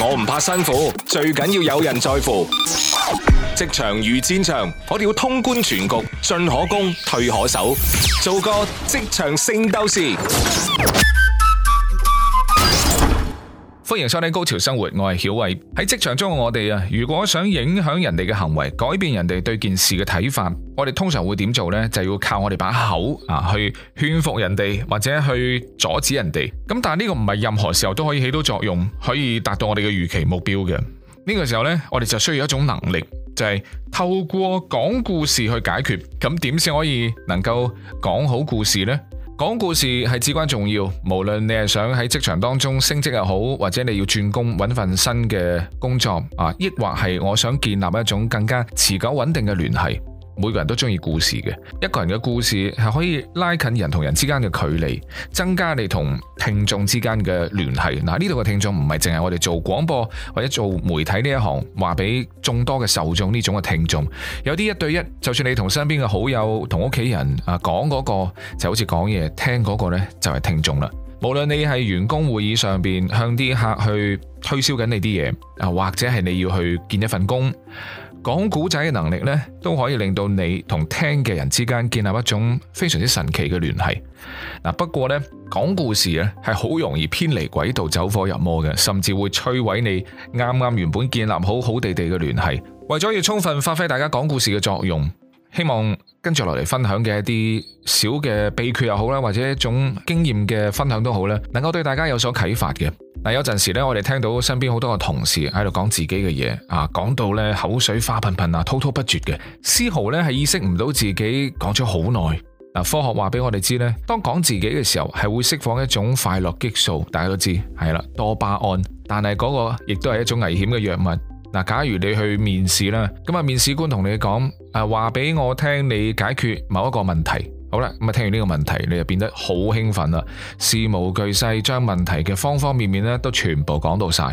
我唔怕辛苦，最緊要有人在乎。職場如戰場，我哋要通觀全局，進可攻，退可守，做個職場聖鬥士。歡迎收聽《高潮生活》，我曉偉，我係曉偉。喺職場中，嘅我哋啊，如果想影響人哋嘅行為，改變人哋對件事嘅睇法，我哋通常會點做呢？就要靠我哋把口啊，去勸服人哋，或者去阻止人哋。咁但係呢個唔係任何時候都可以起到作用，可以達到我哋嘅預期目標嘅。呢、這個時候呢，我哋就需要一種能力，就係、是、透過講故事去解決。咁點先可以能夠講好故事呢？講故事係至關重要，無論你係想喺職場當中升職又好，或者你要轉工搵份新嘅工作，啊，亦或係我想建立一種更加持久穩定嘅聯繫。每個人都中意故事嘅，一個人嘅故事係可以拉近人同人之間嘅距離，增加你同聽眾之間嘅聯繫。嗱，呢度嘅聽眾唔係淨係我哋做廣播或者做媒體呢一行話俾眾多嘅受眾呢種嘅聽眾，有啲一對一，就算你同身邊嘅好友、同屋企人啊講嗰個，就好似講嘢聽嗰個呢，就係聽眾啦。無論你係員工會議上邊向啲客去推銷緊你啲嘢啊，或者係你要去見一份工。講古仔嘅能力咧，都可以令到你同聽嘅人之間建立一種非常之神奇嘅聯繫。嗱，不過咧，講故事咧係好容易偏離軌道、走火入魔嘅，甚至會摧毀你啱啱原本建立好好地地嘅聯繫。為咗要充分發揮大家講故事嘅作用，希望跟住落嚟分享嘅一啲小嘅秘訣又好啦，或者一種經驗嘅分享都好啦，能夠對大家有所啟發嘅。嗱，有陣時咧，我哋聽到身邊好多個同事喺度講自己嘅嘢，啊講到咧口水花噴噴啊滔滔不絕嘅，絲毫咧係意識唔到自己講咗好耐。嗱，科學話俾我哋知咧，當講自己嘅時候係會釋放一種快樂激素，大家都知係啦，多巴胺。但係嗰個亦都係一種危險嘅藥物。嗱，假如你去面試啦，咁啊面試官同你講，誒，話俾我聽你解決某一個問題。好啦，咁啊，聽完呢個問題，你就變得好興奮啦，事無巨細，將問題嘅方方面面咧都全部講到晒。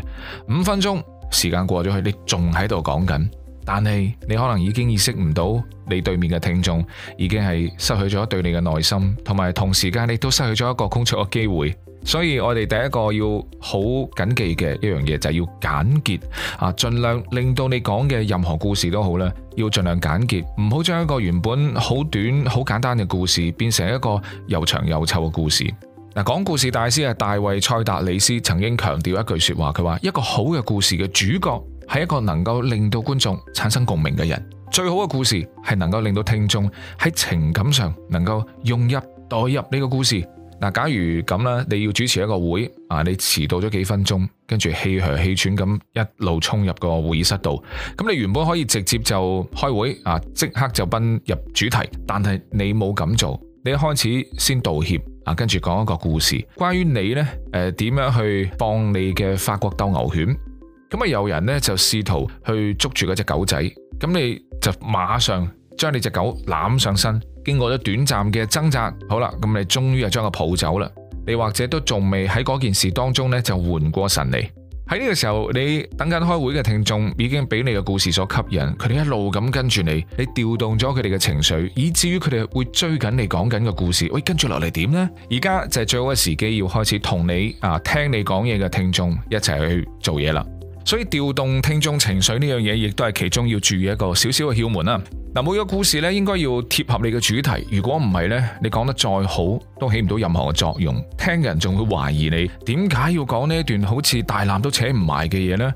五分鐘時間過咗去，你仲喺度講緊。但係你可能已經意識唔到，你對面嘅聽眾已經係失去咗對你嘅耐心，同埋同時間你都失去咗一個空出嘅機會。所以我哋第一個要好謹記嘅一樣嘢就係要簡潔啊，盡量令到你講嘅任何故事都好啦，要盡量簡潔，唔好將一個原本好短好簡單嘅故事變成一個又長又臭嘅故事。嗱、啊，講故事大師啊，大衛·塞達里斯曾經強調一句說話，佢話一個好嘅故事嘅主角。係一個能夠令到觀眾產生共鳴嘅人，最好嘅故事係能夠令到聽眾喺情感上能夠融入代入呢個故事。嗱，假如咁啦，你要主持一個會，啊，你遲到咗幾分鐘，跟住氣噓氣喘咁一路沖入個會議室度，咁你原本可以直接就開會，啊，即刻就奔入主題，但係你冇咁做，你一開始先道歉，啊，跟住講一個故事，關於你呢誒，點、呃、樣去幫你嘅法國鬥牛犬。咁啊！有人呢，就試圖去捉住嗰隻狗仔，咁你就馬上將你隻狗攬上身。經過咗短暫嘅掙扎，好啦，咁你終於就將佢抱走啦。你或者都仲未喺嗰件事當中呢，就緩過神嚟。喺呢個時候，你等緊開會嘅聽眾已經俾你嘅故事所吸引，佢哋一路咁跟住你，你調動咗佢哋嘅情緒，以至於佢哋會追緊你講緊嘅故事。喂，跟住落嚟點呢？而家就係最好嘅時機，要開始同你啊聽你講嘢嘅聽眾一齊去做嘢啦。所以調動聽眾情緒呢樣嘢，亦都係其中要注意一個少少嘅竅門啦。嗱，每個故事咧，應該要貼合你嘅主題，如果唔係咧，你講得再好都起唔到任何嘅作用，聽嘅人仲會懷疑你點解要講呢一段好似大纜都扯唔埋嘅嘢呢？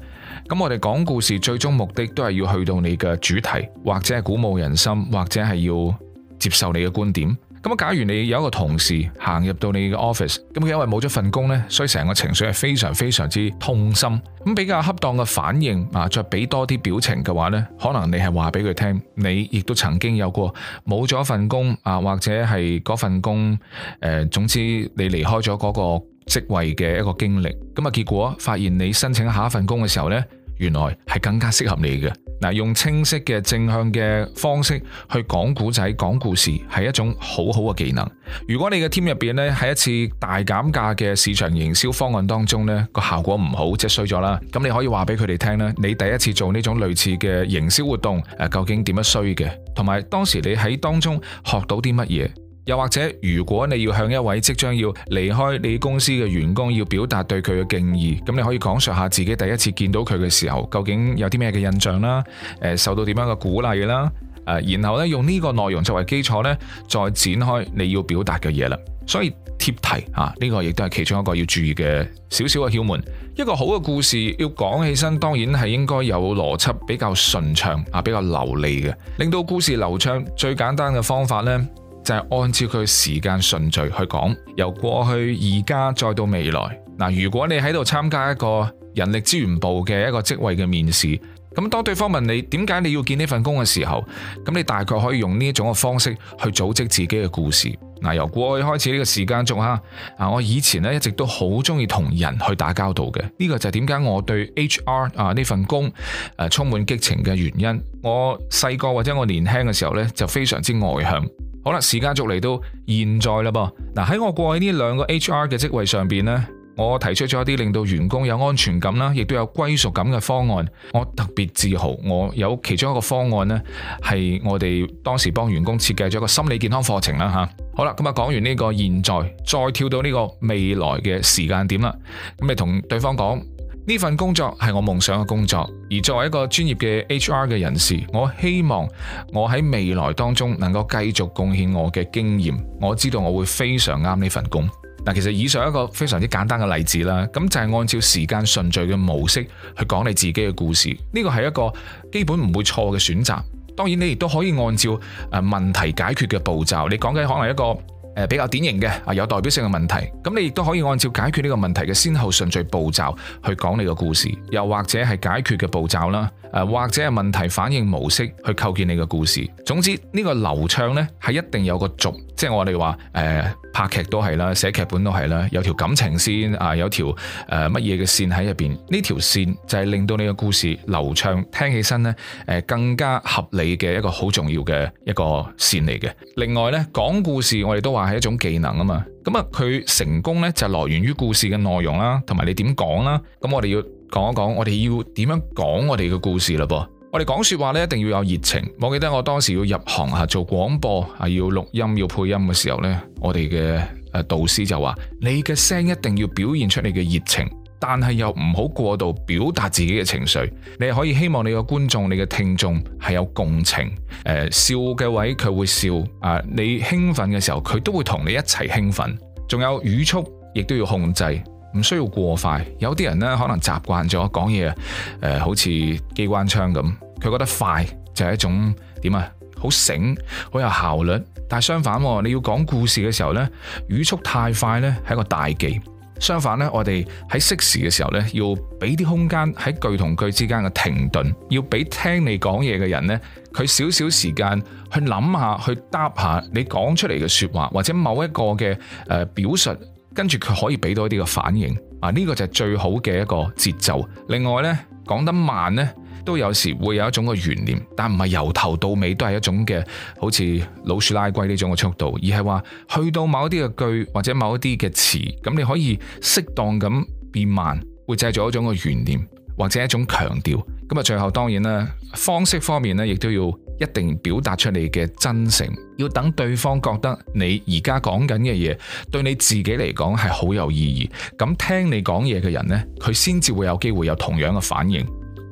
咁我哋講故事最終目的都係要去到你嘅主題，或者係鼓舞人心，或者係要接受你嘅觀點。咁假如你有一個同事行入到你嘅 office，咁佢因為冇咗份工呢，所以成個情緒係非常非常之痛心。咁比較恰當嘅反應啊，再俾多啲表情嘅話呢，可能你係話俾佢聽，你亦都曾經有過冇咗份工啊，或者係嗰份工誒、呃，總之你離開咗嗰個職位嘅一個經歷。咁啊，結果發現你申請下一份工嘅時候呢。原來係更加適合你嘅。嗱，用清晰嘅正向嘅方式去講古仔、講故事，係一種好好嘅技能。如果你嘅 team 入邊呢，喺一次大減價嘅市場營銷方案當中呢，個效果唔好，即係衰咗啦，咁你可以話俾佢哋聽啦。你第一次做呢種類似嘅營銷活動，誒，究竟點樣衰嘅？同埋當時你喺當中學到啲乜嘢？又或者，如果你要向一位即將要離開你公司嘅員工，要表達對佢嘅敬意，咁你可以講述下自己第一次見到佢嘅時候，究竟有啲咩嘅印象啦？誒，受到點樣嘅鼓勵啦？誒，啊，然後咧用呢個內容作為基礎咧，再展開你要表達嘅嘢啦。所以貼題啊，呢個亦都係其中一個要注意嘅少少嘅竅門。一個好嘅故事要講起身，當然係應該有邏輯比較順暢啊，比較流利嘅，令到故事流暢。最簡單嘅方法咧。就係按照佢時間順序去講，由過去、而家再到未來。嗱，如果你喺度參加一個人力資源部嘅一個職位嘅面試，咁當對方問你點解你要見呢份工嘅時候，咁你大概可以用呢一種嘅方式去組織自己嘅故事。嗱，由過去開始呢個時間軸吓，啊，我以前咧一直都好中意同人去打交道嘅，呢、這個就係點解我對 HR 啊呢份工、啊、充滿激情嘅原因。我細個或者我年輕嘅時候呢，就非常之外向。好啦，時間續嚟到現在啦噃，嗱，喺我過去呢兩個 HR 嘅職位上邊呢，我提出咗一啲令到員工有安全感啦，亦都有歸屬感嘅方案。我特別自豪，我有其中一個方案呢，係我哋當時幫員工設計咗一個心理健康課程啦吓。好啦，咁啊講完呢個現在，再跳到呢個未來嘅時間點啦，咁咪同對方講。呢份工作係我夢想嘅工作，而作為一個專業嘅 HR 嘅人士，我希望我喺未來當中能夠繼續貢獻我嘅經驗。我知道我會非常啱呢份工。嗱，其實以上一個非常之簡單嘅例子啦，咁就係、是、按照時間順序嘅模式去講你自己嘅故事。呢個係一個基本唔會錯嘅選擇。當然，你亦都可以按照誒問題解決嘅步驟，你講嘅可能一個，誒，比較典型嘅啊，有代表性嘅問題，咁你亦都可以按照解決呢個問題嘅先後順序步驟去講你個故事，又或者係解決嘅步驟啦，誒，或者係問題反應模式去構建你個故事。總之呢個流暢呢係一定有個軸，即係我哋話誒。拍劇都係啦，寫劇本都係啦，有條感情線啊，有條誒乜嘢嘅線喺入邊，呢條線就係令到你嘅故事流暢，聽起身咧誒更加合理嘅一個好重要嘅一個線嚟嘅。另外咧，講故事我哋都話係一種技能啊嘛，咁啊佢成功咧就來源於故事嘅內容啦，同埋你點講啦。咁我哋要講一講，我哋要點樣講我哋嘅故事嘞噃。我哋講說話咧，一定要有熱情。我記得我當時要入行吓做廣播啊，要錄音要配音嘅時候呢，我哋嘅誒導師就話：你嘅聲一定要表現出你嘅熱情，但係又唔好過度表達自己嘅情緒。你可以希望你嘅觀眾、你嘅聽眾係有共情。誒、呃，笑嘅位佢會笑啊、呃，你興奮嘅時候佢都會同你一齊興奮。仲有語速亦都要控制。唔需要過快，有啲人咧可能習慣咗講嘢，誒、呃、好似機關槍咁，佢覺得快就係一種點啊，好醒，好有效率。但係相反，你要講故事嘅時候呢，語速太快呢，係一個大忌。相反呢，我哋喺適時嘅時候呢，要俾啲空間喺句同句之間嘅停頓，要俾聽你講嘢嘅人呢，佢少少時間去諗下，去答下你講出嚟嘅説話或者某一個嘅誒、呃、表述。跟住佢可以俾到一啲嘅反應啊，呢個就係最好嘅一個節奏。另外呢，講得慢呢，都有時會有一種嘅懸念，但唔係由頭到尾都係一種嘅好似老鼠拉龜呢種嘅速度，而係話去到某一啲嘅句或者某一啲嘅詞，咁你可以適當咁變慢，會製造一種嘅懸念或者一種強調。咁啊，最後當然啦，方式方面呢亦都要。一定表達出你嘅真誠，要等對方覺得你而家講緊嘅嘢對你自己嚟講係好有意義，咁聽你講嘢嘅人呢，佢先至會有機會有同樣嘅反應。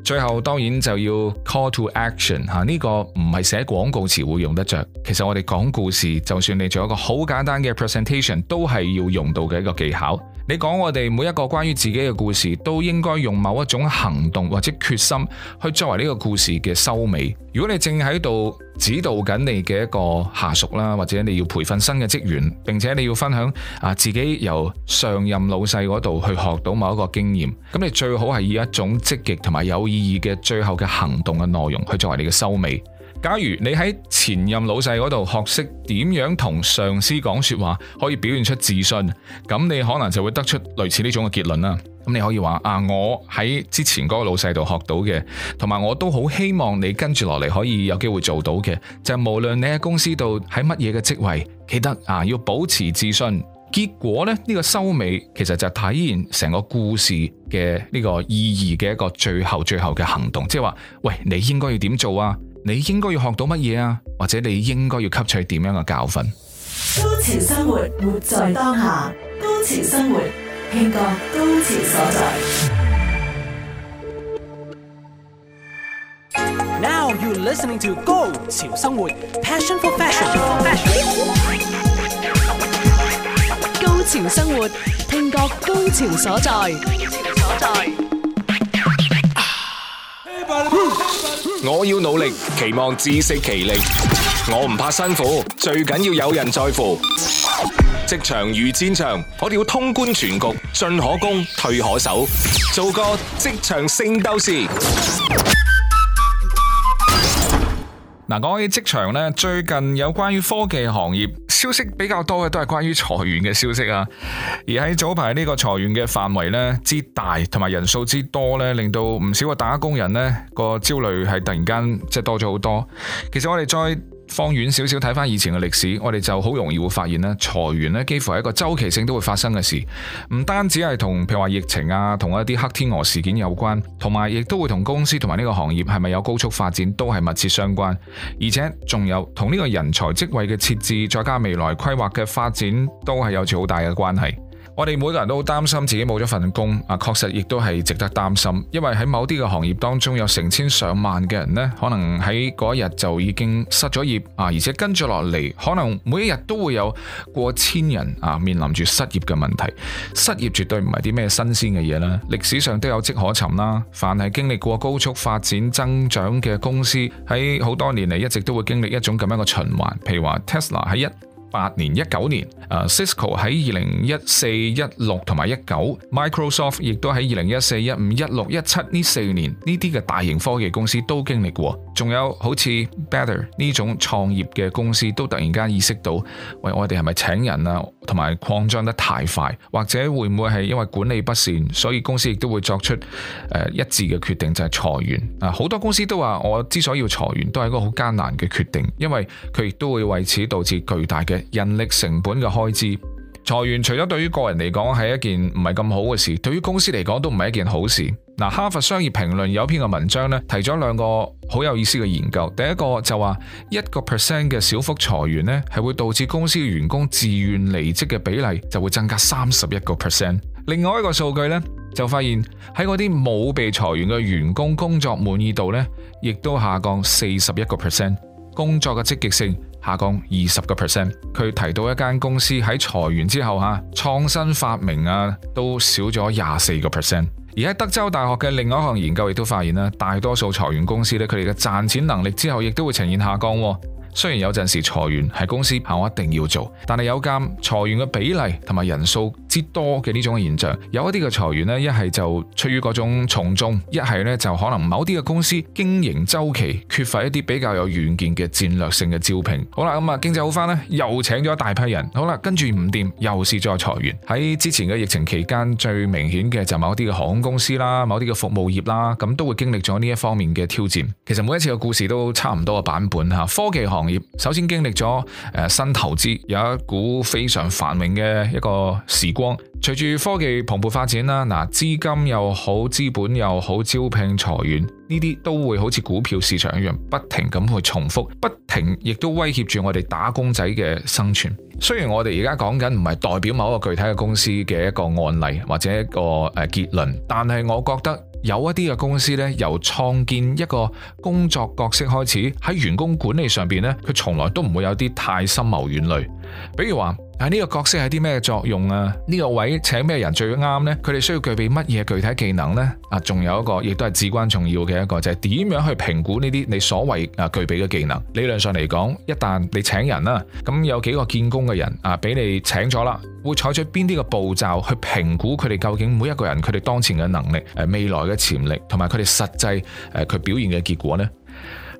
最後當然就要 call to action 吓、啊，呢個唔係寫廣告詞會用得着，其實我哋講故事，就算你做一個好簡單嘅 presentation，都係要用到嘅一個技巧。你講我哋每一個關於自己嘅故事，都應該用某一種行動或者決心去作為呢個故事嘅收尾。如果你正喺度指導緊你嘅一個下屬啦，或者你要培訓新嘅職員，並且你要分享啊自己由上任老細嗰度去學到某一個經驗，咁你最好係以一種積極同埋有意義嘅最後嘅行動嘅內容去作為你嘅收尾。假如你喺前任老細嗰度學識點樣同上司講說話，可以表現出自信，咁你可能就會得出類似呢種嘅結論啦。咁你可以話啊，我喺之前嗰個老細度學到嘅，同埋我都好希望你跟住落嚟，可以有機會做到嘅。就係無論你喺公司度喺乜嘢嘅職位，記得啊要保持自信。結果咧，呢個收尾，其實就體現成個故事嘅呢個意義嘅一個最後最後嘅行動，即係話，喂，你應該要點做啊？你應該要學到乜嘢啊？或者你應該要吸取點樣嘅教訓？高潮生活，活在當下。高潮生活，聽覺高潮所在。Now you're listening to 高潮生活，Passion for fashion, Passion for fashion。高潮生活，聽覺高潮所在。我要努力，期望自食其力。我唔怕辛苦，最緊要有人在乎。職場如戰場，我哋要通關全局，進可攻，退可守，做個職場聖鬥士。嗱，講起職場呢，最近有關於科技行業。消息比較多嘅都係關於裁員嘅消息啊，而喺早排呢個裁員嘅範圍呢之大，同埋人數之多呢，令到唔少嘅打工人呢個焦慮係突然間即係多咗好多。其實我哋再放遠少少睇翻以前嘅歷史，我哋就好容易會發現呢，裁員咧，幾乎係一個周期性都會發生嘅事。唔單止係同譬如話疫情啊，同一啲黑天鵝事件有關，同埋亦都會同公司同埋呢個行業係咪有高速發展都係密切相關。而且仲有同呢個人才職位嘅設置，再加未來規劃嘅發展，都係有住好大嘅關係。我哋每個人都好擔心自己冇咗份工啊，確實亦都係值得擔心，因為喺某啲嘅行業當中，有成千上萬嘅人呢，可能喺嗰一日就已經失咗業啊，而且跟住落嚟，可能每一日都會有過千人啊面臨住失業嘅問題。失業絕對唔係啲咩新鮮嘅嘢啦，歷史上都有跡可尋啦。凡係經歷過高速發展增長嘅公司，喺好多年嚟一直都會經歷一種咁樣嘅循環，譬如話 Tesla 喺一八年、一九年，誒 Cisco 喺二零一四、一六同埋一九，Microsoft 亦都喺二零一四、一五、一六、一七呢四年，呢啲嘅大型科技公司都經歷過，仲有好似 Better 呢種創業嘅公司，都突然間意識到，喂，我哋係咪請人啊？同埋擴張得太快，或者會唔會係因為管理不善，所以公司亦都會作出誒、呃、一致嘅決定，就係、是、裁員啊，好多公司都話我之所以要裁員都係一個好艱難嘅決定，因為佢亦都會為此導致巨大嘅。人力成本嘅開支，裁員除咗對於個人嚟講係一件唔係咁好嘅事，對於公司嚟講都唔係一件好事。嗱，哈佛商業評論有篇嘅文章咧，提咗兩個好有意思嘅研究。第一個就話一個 percent 嘅小幅裁員呢，係會導致公司嘅員工自願離職嘅比例就會增加三十一個 percent。另外一個數據呢，就發現喺嗰啲冇被裁員嘅員工工作滿意度呢，亦都下降四十一個 percent，工作嘅積極性，下降二十個 percent。佢提到一間公司喺裁員之後吓，創新發明啊都少咗廿四個 percent。而喺德州大學嘅另外一項研究亦都發現啦，大多數裁員公司咧，佢哋嘅賺錢能力之後亦都會呈現下降。雖然有陣時裁員係公司，但我一定要做。但係有監裁員嘅比例同埋人數。之多嘅呢種嘅現象，有一啲嘅裁員呢，一係就出於嗰種從眾，一係呢就可能某啲嘅公司經營週期缺乏一啲比較有遠見嘅戰略性嘅招聘。好啦，咁啊經濟好翻咧，又請咗一大批人。好啦，跟住唔掂，又是再裁員。喺之前嘅疫情期間，最明顯嘅就某啲嘅航空公司啦，某啲嘅服務業啦，咁都會經歷咗呢一方面嘅挑戰。其實每一次嘅故事都差唔多嘅版本吓。科技行業首先經歷咗誒新投資，有一股非常繁榮嘅一個時。隨住科技蓬勃發展啦，嗱資金又好，資本又好，招聘裁員呢啲都會好似股票市場一樣，不停咁去重複，不停亦都威脅住我哋打工仔嘅生存。雖然我哋而家講緊唔係代表某一個具體嘅公司嘅一個案例或者一個誒結論，但係我覺得有一啲嘅公司咧，由創建一個工作角色開始，喺員工管理上邊咧，佢從來都唔會有啲太深謀遠慮，比如話。係呢、啊呢個角色係啲咩作用啊？呢、呢個位請咩人最啱呢？佢哋需要具備乜嘢具體技能呢？啊，仲有一個亦都係至關重要嘅一個，就係點樣去評估呢啲你所謂啊具備嘅技能？理論上嚟講，一旦你請人啦，咁有幾個見工嘅人啊俾你請咗啦，會採取邊啲嘅步驟去評估佢哋究竟每一個人佢哋當前嘅能力、誒、啊、未來嘅潛力，同埋佢哋實際誒佢、啊、表現嘅結果呢？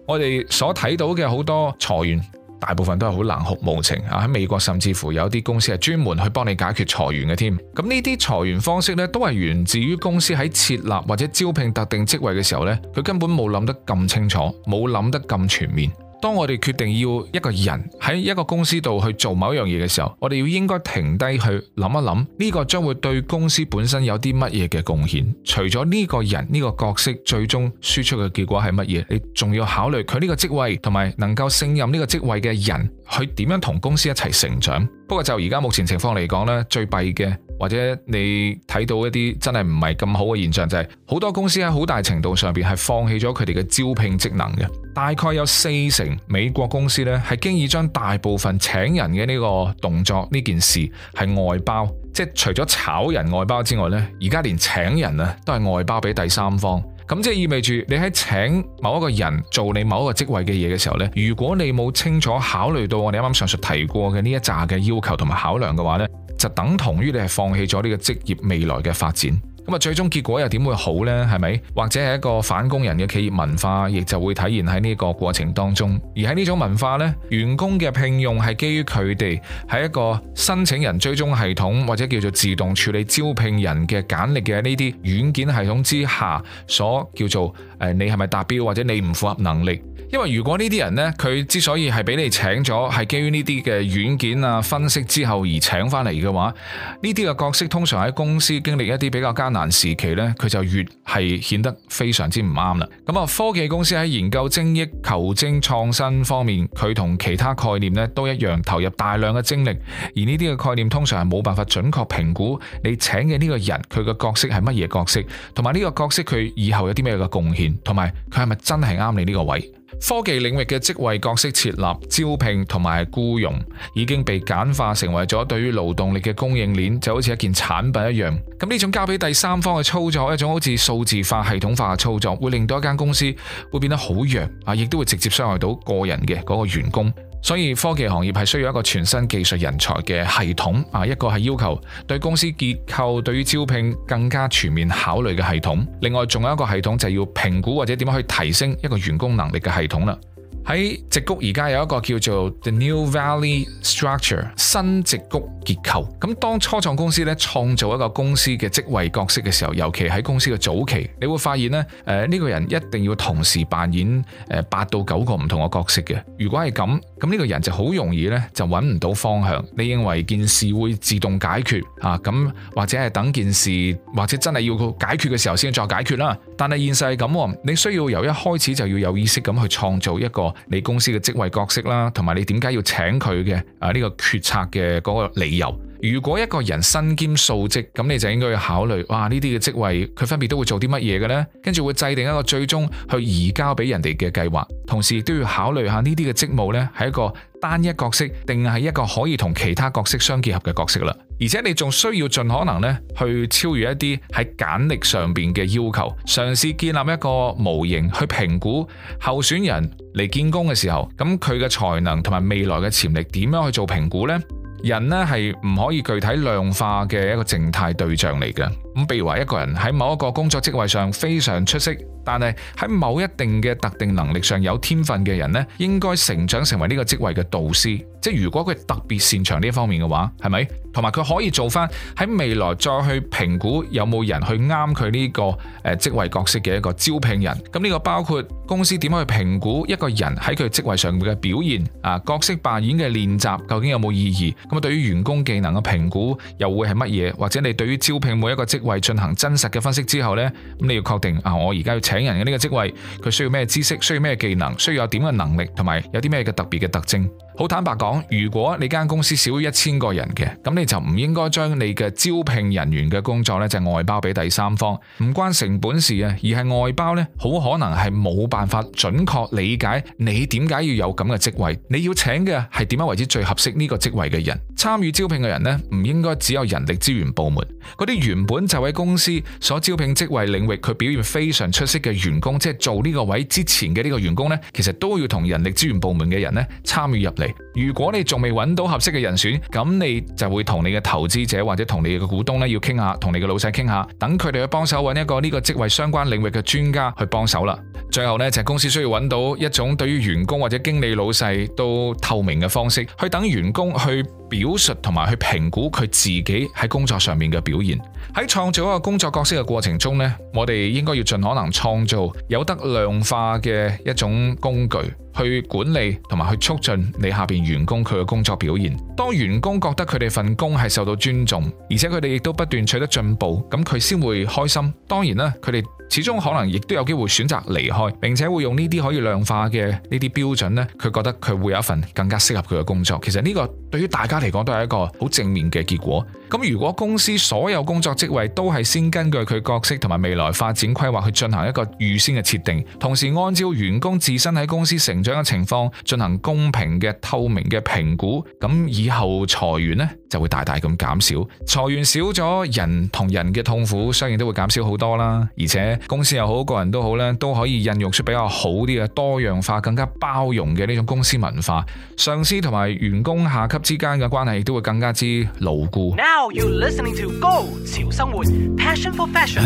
我哋所睇到嘅好多裁員。大部分都係好冷酷無情啊！喺美國甚至乎有啲公司係專門去幫你解決裁員嘅添。咁呢啲裁員方式咧，都係源自於公司喺設立或者招聘特定職位嘅時候咧，佢根本冇諗得咁清楚，冇諗得咁全面。當我哋決定要一個人喺一個公司度去做某一樣嘢嘅時候，我哋要應該停低去諗一諗呢個將會對公司本身有啲乜嘢嘅貢獻？除咗呢個人，呢個角色最終輸出嘅結果係乜嘢？你仲要考慮佢呢個職位同埋能夠勝任呢個職位嘅人，去點樣同公司一齊成長。不過就而家目前情況嚟講呢，最弊嘅或者你睇到一啲真係唔係咁好嘅現象，就係好多公司喺好大程度上邊係放棄咗佢哋嘅招聘職能嘅。大概有四成美國公司咧，係經已將大部分請人嘅呢個動作呢件事係外包，即係除咗炒人外包之外呢，而家連請人啊，都係外包俾第三方。咁即係意味住你喺請某一個人做你某一個職位嘅嘢嘅時候呢，如果你冇清楚考慮到我哋啱啱上述提過嘅呢一扎嘅要求同埋考量嘅話呢，就等同於你係放棄咗呢個職業未來嘅發展。咁啊，最終結果又點會好呢？係咪？或者係一個反工人嘅企業文化，亦就會體現喺呢個過程當中。而喺呢種文化呢，員工嘅聘用係基於佢哋喺一個申請人追蹤系統，或者叫做自動處理招聘人嘅簡歷嘅呢啲軟件系統之下所叫做。誒，你係咪達標或者你唔符合能力？因為如果呢啲人呢，佢之所以係俾你請咗，係基於呢啲嘅軟件啊分析之後而請翻嚟嘅話，呢啲嘅角色通常喺公司經歷一啲比較艱難時期呢，佢就越係顯得非常之唔啱啦。咁啊，科技公司喺研究、精益求精、創新方面，佢同其他概念呢都一樣投入大量嘅精力，而呢啲嘅概念通常係冇辦法準確評估你請嘅呢個人佢嘅角色係乜嘢角色，同埋呢個角色佢以後有啲咩嘅貢獻。同埋佢係咪真係啱你呢個位？科技領域嘅職位角色設立、招聘同埋僱傭，已經被簡化成為咗對於勞動力嘅供應鏈，就好似一件產品一樣。咁呢種交俾第三方嘅操作，一種好似數字化、系統化嘅操作，會令到一間公司會變得好弱啊！亦都會直接傷害到個人嘅嗰個員工。所以科技行業係需要一個全新技術人才嘅系統啊，一個係要求對公司結構對於招聘更加全面考慮嘅系統，另外仲有一個系統就係要評估或者點樣去提升一個員工能力嘅系統啦。喺矽谷而家有一個叫做 The New Valley Structure 新矽谷結構。咁當初創公司咧創造一個公司嘅職位角色嘅時候，尤其喺公司嘅早期，你會發現咧，誒、呃、呢、這個人一定要同時扮演誒八到九個唔同嘅角色嘅。如果係咁，咁、這、呢個人就好容易咧就揾唔到方向。你認為件事會自動解決啊？咁或者係等件事，或者真係要解決嘅時候先再解決啦。但係現世係咁，你需要由一開始就要有意識咁去創造一個你公司嘅職位角色啦，同埋你點解要請佢嘅啊，呢個決策嘅嗰個理由。如果一個人身兼數職，咁你就應該要考慮，「哇，呢啲嘅職位佢分別都會做啲乜嘢嘅呢？」跟住會制定一個最終去移交俾人哋嘅計劃，同時亦都要考慮下呢啲嘅職務呢，係一個。單一角色定係一個可以同其他角色相結合嘅角色啦，而且你仲需要盡可能咧去超越一啲喺簡歷上邊嘅要求，嘗試建立一個模型去評估候選人嚟見工嘅時候，咁佢嘅才能同埋未來嘅潛力點樣去做評估呢？人呢係唔可以具體量化嘅一個靜態對象嚟嘅。咁，譬如話一個人喺某一個工作職位上非常出色，但係喺某一定嘅特定能力上有天分嘅人呢，應該成長成為呢個職位嘅導師。即係如果佢特別擅長呢一方面嘅話，係咪？同埋佢可以做翻喺未來再去評估有冇人去啱佢呢個誒職位角色嘅一個招聘人。咁呢個包括公司點樣去評估一個人喺佢職位上面嘅表現啊，角色扮演嘅練習究竟有冇意義？咁啊，對於員工技能嘅評估又會係乜嘢？或者你對於招聘每一個職位進行真實嘅分析之後咧，咁你要確定啊，我而家要請人嘅呢個職位佢需要咩知識，需要咩技能，需要點嘅能力，同埋有啲咩嘅特別嘅特徵。好坦白講。如果你間公司少於一千個人嘅，咁你就唔應該將你嘅招聘人員嘅工作呢就外包俾第三方。唔關成本事啊，而係外包呢，好可能係冇辦法準確理解你點解要有咁嘅職位，你要請嘅係點樣為之最合適呢個職位嘅人。參與招聘嘅人呢，唔應該只有人力資源部門。嗰啲原本就喺公司所招聘職位領域佢表現非常出色嘅員工，即係做呢個位之前嘅呢個員工呢，其實都要同人力資源部門嘅人呢參與入嚟。如果如果你仲未揾到合適嘅人選，咁你就會同你嘅投資者或者同你嘅股東咧要傾下，同你嘅老細傾下，等佢哋去幫手揾一個呢個職位相關領域嘅專家去幫手啦。最後咧就係公司需要揾到一種對於員工或者經理老細都透明嘅方式，去等員工去。表述同埋去評估佢自己喺工作上面嘅表現，喺創造一個工作角色嘅過程中咧，我哋應該要盡可能創造有得量化嘅一種工具去管理同埋去促進你下邊員工佢嘅工作表現。當員工覺得佢哋份工係受到尊重，而且佢哋亦都不斷取得進步，咁佢先會開心。當然啦，佢哋始終可能亦都有機會選擇離開，並且會用呢啲可以量化嘅呢啲標準咧，佢覺得佢會有一份更加適合佢嘅工作。其實呢個對於大家。嚟講都係一個好正面嘅結果。咁如果公司所有工作職位都係先根據佢角色同埋未來發展規劃去進行一個預先嘅設定，同時按照員工自身喺公司成長嘅情況進行公平嘅透明嘅評估，咁以後裁員呢？就會大大咁減少，裁員少咗，人同人嘅痛苦相應都會減少好多啦。而且公司又好，個人都好咧，都可以孕育出比較好啲嘅多樣化、更加包容嘅呢種公司文化，上司同埋員工下級之間嘅關係都會更加之牢固。Now you listening to go 潮生活，passion for fashion。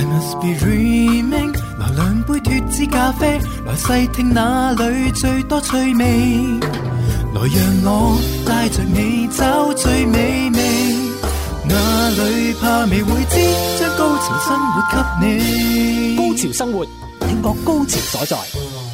來兩杯脱脂咖啡，來細聽哪裏最多趣味。來讓我帶著你找最美味，哪裏怕未會知，將高潮生活給你。高潮生活，聽覺高潮所在。